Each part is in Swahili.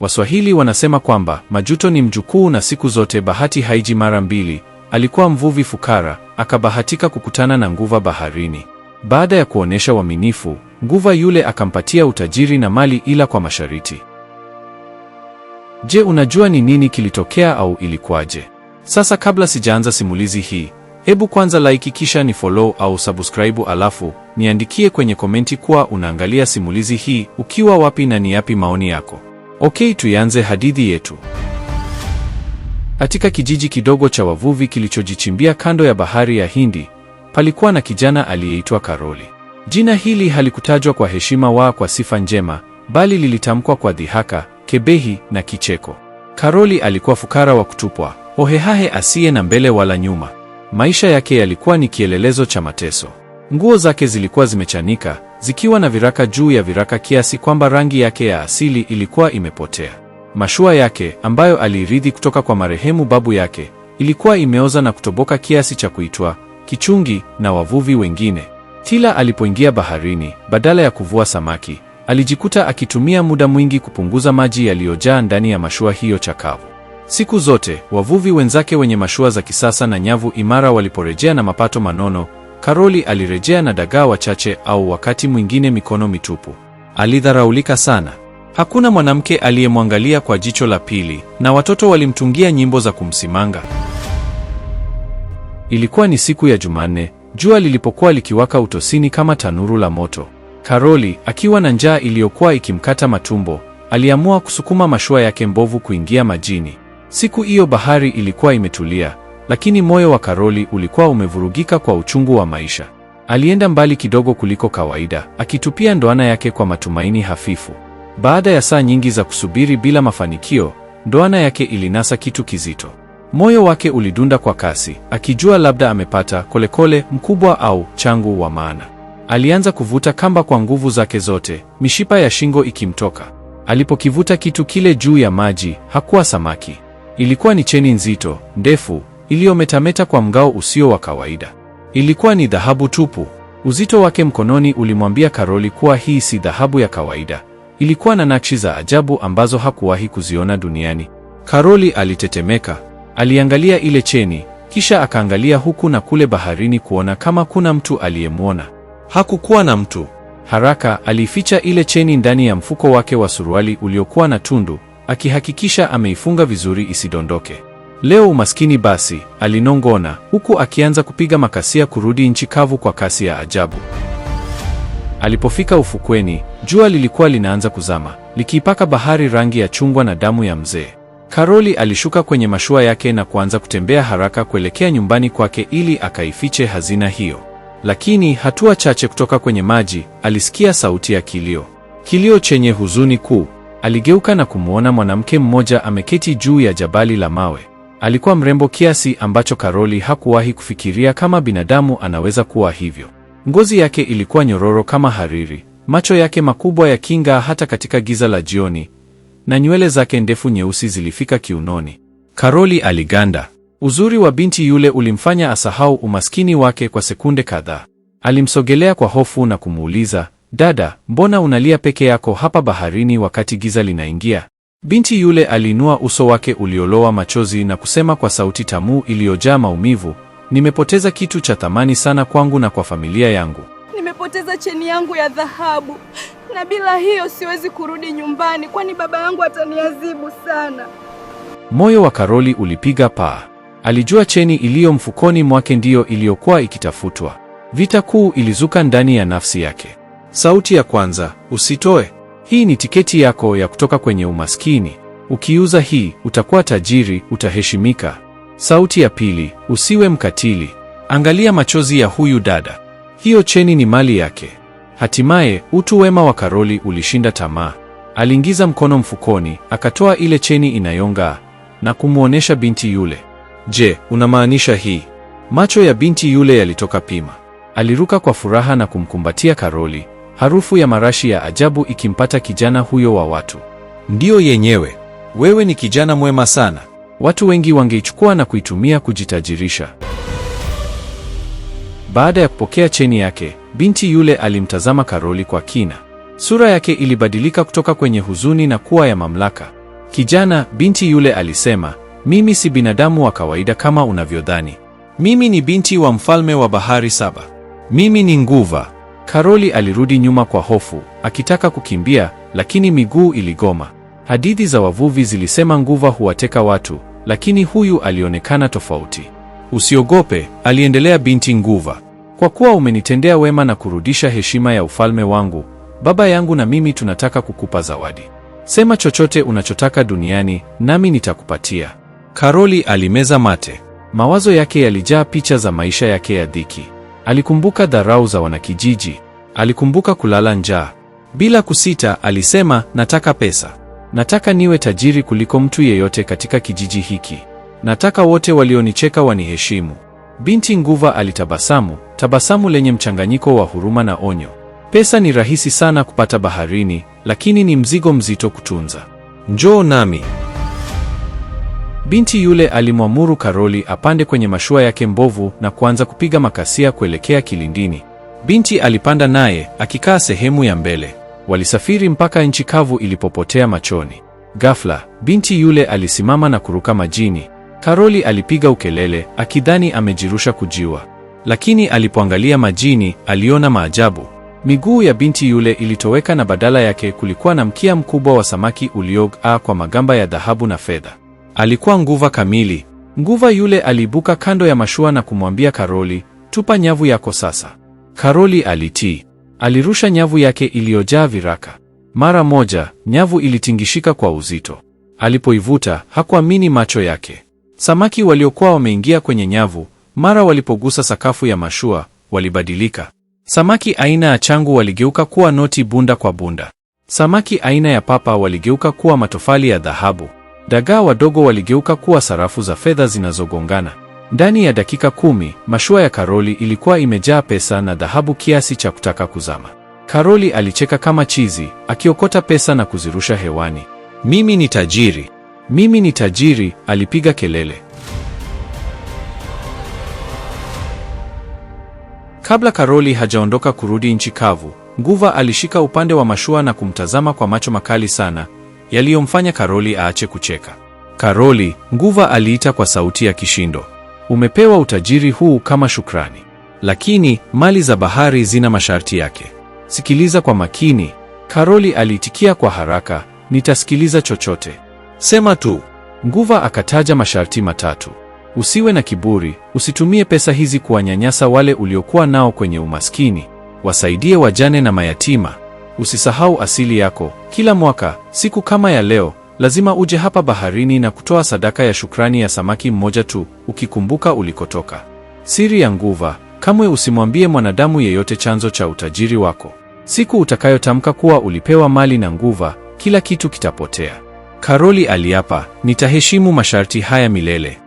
Waswahili wanasema kwamba majuto ni mjukuu na siku zote bahati haiji mara mbili. Alikuwa mvuvi fukara, akabahatika kukutana na nguva baharini. Baada ya kuonyesha uaminifu, nguva yule akampatia utajiri na mali, ila kwa masharti. Je, unajua ni nini kilitokea au ilikuwaje? Sasa kabla sijaanza simulizi hii, hebu kwanza like kisha ni follow au subscribe, alafu niandikie kwenye komenti kuwa unaangalia simulizi hii ukiwa wapi na ni yapi maoni yako. Okay, tuianze hadithi yetu. Katika kijiji kidogo cha wavuvi kilichojichimbia kando ya bahari ya Hindi, palikuwa na kijana aliyeitwa Karoli. Jina hili halikutajwa kwa heshima wa kwa sifa njema, bali lilitamkwa kwa dhihaka, kebehi na kicheko. Karoli alikuwa fukara wa kutupwa, hohehahe asiye na mbele wala nyuma. Maisha yake yalikuwa ni kielelezo cha mateso. Nguo zake zilikuwa zimechanika zikiwa na viraka juu ya viraka kiasi kwamba rangi yake ya asili ilikuwa imepotea. Mashua yake ambayo aliirithi kutoka kwa marehemu babu yake ilikuwa imeoza na kutoboka kiasi cha kuitwa kichungi na wavuvi wengine. Tila alipoingia baharini, badala ya kuvua samaki, alijikuta akitumia muda mwingi kupunguza maji yaliyojaa ndani ya mashua hiyo chakavu. Siku zote wavuvi wenzake wenye mashua za kisasa na nyavu imara waliporejea na mapato manono Karoli alirejea na dagaa wachache au wakati mwingine mikono mitupu. Alidharaulika sana. Hakuna mwanamke aliyemwangalia kwa jicho la pili na watoto walimtungia nyimbo za kumsimanga. Ilikuwa ni siku ya Jumanne, jua lilipokuwa likiwaka utosini kama tanuru la moto. Karoli, akiwa na njaa iliyokuwa ikimkata matumbo, aliamua kusukuma mashua yake mbovu kuingia majini. Siku hiyo bahari ilikuwa imetulia, lakini moyo wa Karoli ulikuwa umevurugika kwa uchungu wa maisha. Alienda mbali kidogo kuliko kawaida, akitupia ndoana yake kwa matumaini hafifu. Baada ya saa nyingi za kusubiri bila mafanikio, ndoana yake ilinasa kitu kizito. Moyo wake ulidunda kwa kasi, akijua labda amepata kolekole kole mkubwa au changu wa maana. Alianza kuvuta kamba kwa nguvu zake zote, mishipa ya shingo ikimtoka. Alipokivuta kitu kile juu ya maji, hakuwa samaki. Ilikuwa ni cheni nzito, ndefu iliyometameta kwa mgao usio wa kawaida. Ilikuwa ni dhahabu tupu. Uzito wake mkononi ulimwambia Karoli kuwa hii si dhahabu ya kawaida. Ilikuwa na nakshi za ajabu ambazo hakuwahi kuziona duniani. Karoli alitetemeka. Aliangalia ile cheni, kisha akaangalia huku na kule baharini kuona kama kuna mtu aliyemwona. Hakukuwa na mtu. Haraka alificha ile cheni ndani ya mfuko wake wa suruali uliokuwa na tundu, akihakikisha ameifunga vizuri isidondoke. Leo umaskini basi, alinong'ona, huku akianza kupiga makasia kurudi nchi kavu kwa kasi ya ajabu. Alipofika ufukweni, jua lilikuwa linaanza kuzama, likiipaka bahari rangi ya chungwa na damu ya mzee. Karoli alishuka kwenye mashua yake na kuanza kutembea haraka kuelekea nyumbani kwake ili akaifiche hazina hiyo. Lakini hatua chache kutoka kwenye maji, alisikia sauti ya kilio. Kilio chenye huzuni kuu. Aligeuka na kumwona mwanamke mmoja ameketi juu ya jabali la mawe. Alikuwa mrembo kiasi ambacho Karoli hakuwahi kufikiria kama binadamu anaweza kuwa hivyo. Ngozi yake ilikuwa nyororo kama hariri, macho yake makubwa ya kinga hata katika giza la jioni, na nywele zake ndefu nyeusi zilifika kiunoni. Karoli aliganda. Uzuri wa binti yule ulimfanya asahau umaskini wake kwa sekunde kadhaa. Alimsogelea kwa hofu na kumuuliza, "Dada, mbona unalia peke yako hapa baharini wakati giza linaingia?" Binti yule alinua uso wake uliolowa machozi na kusema kwa sauti tamu iliyojaa maumivu, nimepoteza kitu cha thamani sana kwangu na kwa familia yangu. Nimepoteza cheni yangu ya dhahabu, na bila hiyo siwezi kurudi nyumbani, kwani baba yangu ataniadhibu sana. Moyo wa Karoli ulipiga paa. Alijua cheni iliyo mfukoni mwake ndiyo iliyokuwa ikitafutwa. Vita kuu ilizuka ndani ya nafsi yake. Sauti ya kwanza, usitoe hii ni tiketi yako ya kutoka kwenye umaskini. Ukiuza hii, utakuwa tajiri, utaheshimika. Sauti ya pili, usiwe mkatili. Angalia machozi ya huyu dada. Hiyo cheni ni mali yake. Hatimaye, utu wema wa Karoli ulishinda tamaa. Aliingiza mkono mfukoni, akatoa ile cheni inayong'aa na kumwonyesha binti yule. Je, unamaanisha hii? Macho ya binti yule yalitoka pima. Aliruka kwa furaha na kumkumbatia Karoli harufu ya marashi ya ajabu ikimpata kijana huyo wa watu. Ndiyo yenyewe, wewe ni kijana mwema sana. Watu wengi wangeichukua na kuitumia kujitajirisha. Baada ya kupokea cheni yake, binti yule alimtazama Karoli kwa kina. Sura yake ilibadilika kutoka kwenye huzuni na kuwa ya mamlaka. Kijana, binti yule alisema, mimi si binadamu wa kawaida kama unavyodhani. Mimi ni binti wa mfalme wa bahari saba. Mimi ni nguva. Karoli alirudi nyuma kwa hofu, akitaka kukimbia, lakini miguu iligoma. Hadithi za wavuvi zilisema nguva huwateka watu, lakini huyu alionekana tofauti. Usiogope, aliendelea binti Nguva. Kwa kuwa umenitendea wema na kurudisha heshima ya ufalme wangu, baba yangu na mimi tunataka kukupa zawadi. Sema chochote unachotaka duniani, nami nitakupatia. Karoli alimeza mate. Mawazo yake yalijaa picha za maisha yake ya dhiki. Alikumbuka dharau za wanakijiji, alikumbuka kulala njaa. Bila kusita, alisema nataka pesa, nataka niwe tajiri kuliko mtu yeyote katika kijiji hiki, nataka wote walionicheka waniheshimu. Binti Nguva alitabasamu, tabasamu lenye mchanganyiko wa huruma na onyo. Pesa ni rahisi sana kupata baharini, lakini ni mzigo mzito kutunza. Njoo nami. Binti yule alimwamuru Karoli apande kwenye mashua yake mbovu na kuanza kupiga makasia kuelekea kilindini. Binti alipanda naye akikaa sehemu ya mbele. Walisafiri mpaka nchi kavu ilipopotea machoni. Ghafla, binti yule alisimama na kuruka majini. Karoli alipiga ukelele akidhani amejirusha kujiwa, lakini alipoangalia majini aliona maajabu. Miguu ya binti yule ilitoweka na badala yake kulikuwa na mkia mkubwa wa samaki uliog'aa kwa magamba ya dhahabu na fedha. Alikuwa nguva kamili. Nguva yule aliibuka kando ya mashua na kumwambia Karoli, tupa nyavu yako sasa. Karoli alitii. Alirusha nyavu yake iliyojaa viraka. Mara moja nyavu ilitingishika kwa uzito. Alipoivuta hakuamini macho yake. Samaki waliokuwa wameingia kwenye nyavu, mara walipogusa sakafu ya mashua, walibadilika. Samaki aina ya changu waligeuka kuwa noti bunda kwa bunda. Samaki aina ya papa waligeuka kuwa matofali ya dhahabu. Dagaa wadogo waligeuka kuwa sarafu za fedha zinazogongana. Ndani ya dakika kumi, mashua ya Karoli ilikuwa imejaa pesa na dhahabu kiasi cha kutaka kuzama. Karoli alicheka kama chizi, akiokota pesa na kuzirusha hewani. Mimi ni tajiri. Mimi ni tajiri, alipiga kelele. Kabla Karoli hajaondoka kurudi nchi kavu, Nguva alishika upande wa mashua na kumtazama kwa macho makali sana, yaliyomfanya Karoli aache kucheka. Karoli, Nguva aliita kwa sauti ya kishindo, umepewa utajiri huu kama shukrani, lakini mali za bahari zina masharti yake. Sikiliza kwa makini. Karoli aliitikia kwa haraka, nitasikiliza chochote, sema tu. Nguva akataja masharti matatu: usiwe na kiburi, usitumie pesa hizi kuwanyanyasa wale uliokuwa nao kwenye umaskini, wasaidie wajane na mayatima usisahau asili yako. Kila mwaka siku kama ya leo, lazima uje hapa baharini na kutoa sadaka ya shukrani ya samaki mmoja tu, ukikumbuka ulikotoka. Siri ya nguva: kamwe usimwambie mwanadamu yeyote chanzo cha utajiri wako. Siku utakayotamka kuwa ulipewa mali na nguva, kila kitu kitapotea. Karoli aliapa, nitaheshimu masharti haya milele.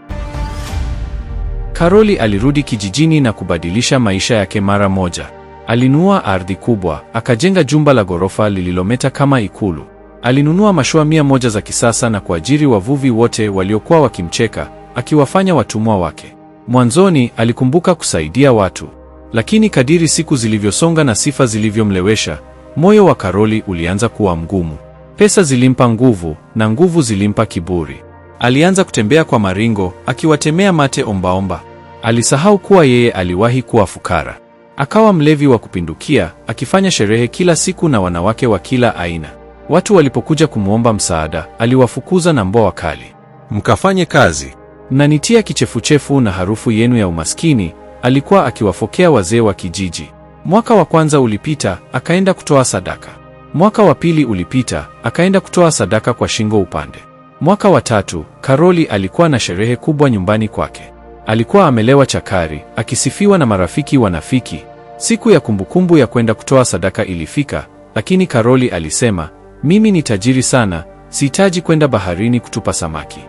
Karoli alirudi kijijini na kubadilisha maisha yake mara moja. Alinunua ardhi kubwa, akajenga jumba la ghorofa lililometa kama ikulu. Alinunua mashua mia moja za kisasa na kuajiri wavuvi wote waliokuwa wakimcheka, akiwafanya watumwa wake. Mwanzoni alikumbuka kusaidia watu, lakini kadiri siku zilivyosonga na sifa zilivyomlewesha, moyo wa Karoli ulianza kuwa mgumu. Pesa zilimpa nguvu na nguvu zilimpa kiburi. Alianza kutembea kwa maringo, akiwatemea mate ombaomba. Alisahau kuwa yeye aliwahi kuwa fukara. Akawa mlevi wa kupindukia, akifanya sherehe kila siku na wanawake wa kila aina. Watu walipokuja kumwomba msaada, aliwafukuza na mboa kali. Mkafanye kazi, mnanitia kichefuchefu na harufu yenu ya umaskini, alikuwa akiwafokea wazee wa kijiji. Mwaka wa kwanza ulipita, akaenda kutoa sadaka. Mwaka wa pili ulipita, akaenda kutoa sadaka kwa shingo upande. Mwaka wa tatu, Karoli alikuwa na sherehe kubwa nyumbani kwake. Alikuwa amelewa chakari, akisifiwa na marafiki wanafiki. Siku ya kumbukumbu ya kwenda kutoa sadaka ilifika, lakini Karoli alisema, mimi ni tajiri sana, sihitaji kwenda baharini kutupa samaki.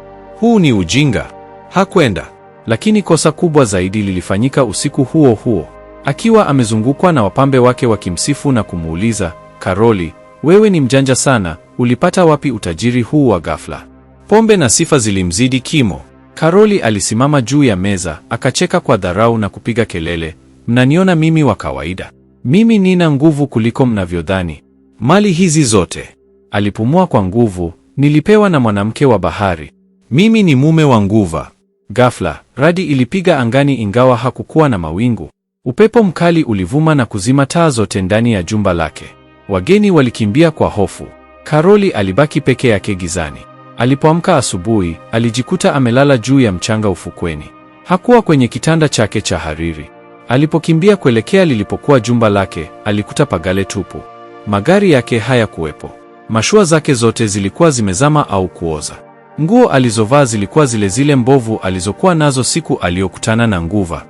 Huu ni ujinga. Hakwenda. Lakini kosa kubwa zaidi lilifanyika usiku huo huo. Akiwa amezungukwa na wapambe wake wakimsifu na kumuuliza, Karoli, wewe ni mjanja sana, ulipata wapi utajiri huu wa ghafla? Pombe na sifa zilimzidi kimo. Karoli alisimama juu ya meza, akacheka kwa dharau na kupiga kelele, mnaniona mimi wa kawaida? Mimi nina nguvu kuliko mnavyodhani. Mali hizi zote, alipumua kwa nguvu, nilipewa na mwanamke wa bahari. Mimi ni mume wa nguva. Ghafla, radi ilipiga angani ingawa hakukuwa na mawingu. Upepo mkali ulivuma na kuzima taa zote ndani ya jumba lake. Wageni walikimbia kwa hofu. Karoli alibaki peke yake gizani. Alipoamka asubuhi, alijikuta amelala juu ya mchanga ufukweni. Hakuwa kwenye kitanda chake cha hariri. Alipokimbia kuelekea lilipokuwa jumba lake, alikuta pagale tupu. Magari yake hayakuwepo. Mashua zake zote zilikuwa zimezama au kuoza. Nguo alizovaa zilikuwa zile zile mbovu alizokuwa nazo siku aliyokutana na Nguva.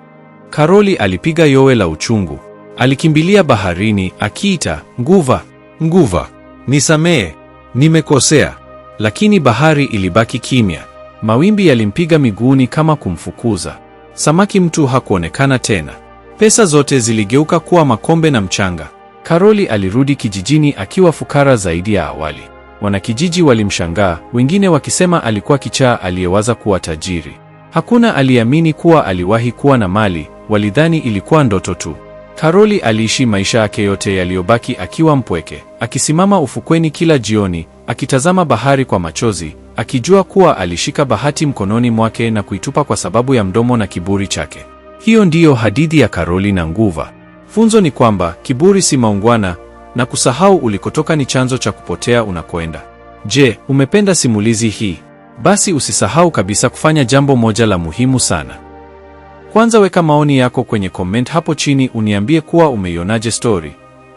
Karoli alipiga yowe la uchungu. Alikimbilia baharini akiita, Nguva, Nguva, nisamehe, nimekosea lakini bahari ilibaki kimya. Mawimbi yalimpiga miguuni kama kumfukuza. Samaki mtu hakuonekana tena. Pesa zote ziligeuka kuwa makombe na mchanga. Karoli alirudi kijijini akiwa fukara zaidi ya awali. Wanakijiji walimshangaa, wengine wakisema alikuwa kichaa aliyewaza kuwa tajiri. Hakuna aliamini kuwa aliwahi kuwa na mali, walidhani ilikuwa ndoto tu. Karoli aliishi maisha yake yote yaliyobaki akiwa mpweke, akisimama ufukweni kila jioni, akitazama bahari kwa machozi, akijua kuwa alishika bahati mkononi mwake na kuitupa kwa sababu ya mdomo na kiburi chake. Hiyo ndiyo hadithi ya Karoli na Nguva. Funzo ni kwamba kiburi si maungwana, na kusahau ulikotoka ni chanzo cha kupotea unakoenda. Je, umependa simulizi hii? Basi usisahau kabisa kufanya jambo moja la muhimu sana. Kwanza weka maoni yako kwenye comment hapo chini uniambie kuwa umeionaje story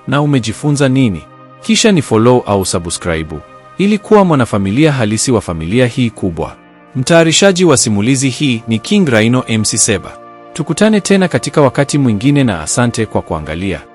na umejifunza nini. Kisha ni follow au subscribe ili kuwa mwanafamilia halisi wa familia hii kubwa. Mtayarishaji wa simulizi hii ni King Raino MC Seba. Tukutane tena katika wakati mwingine na asante kwa kuangalia.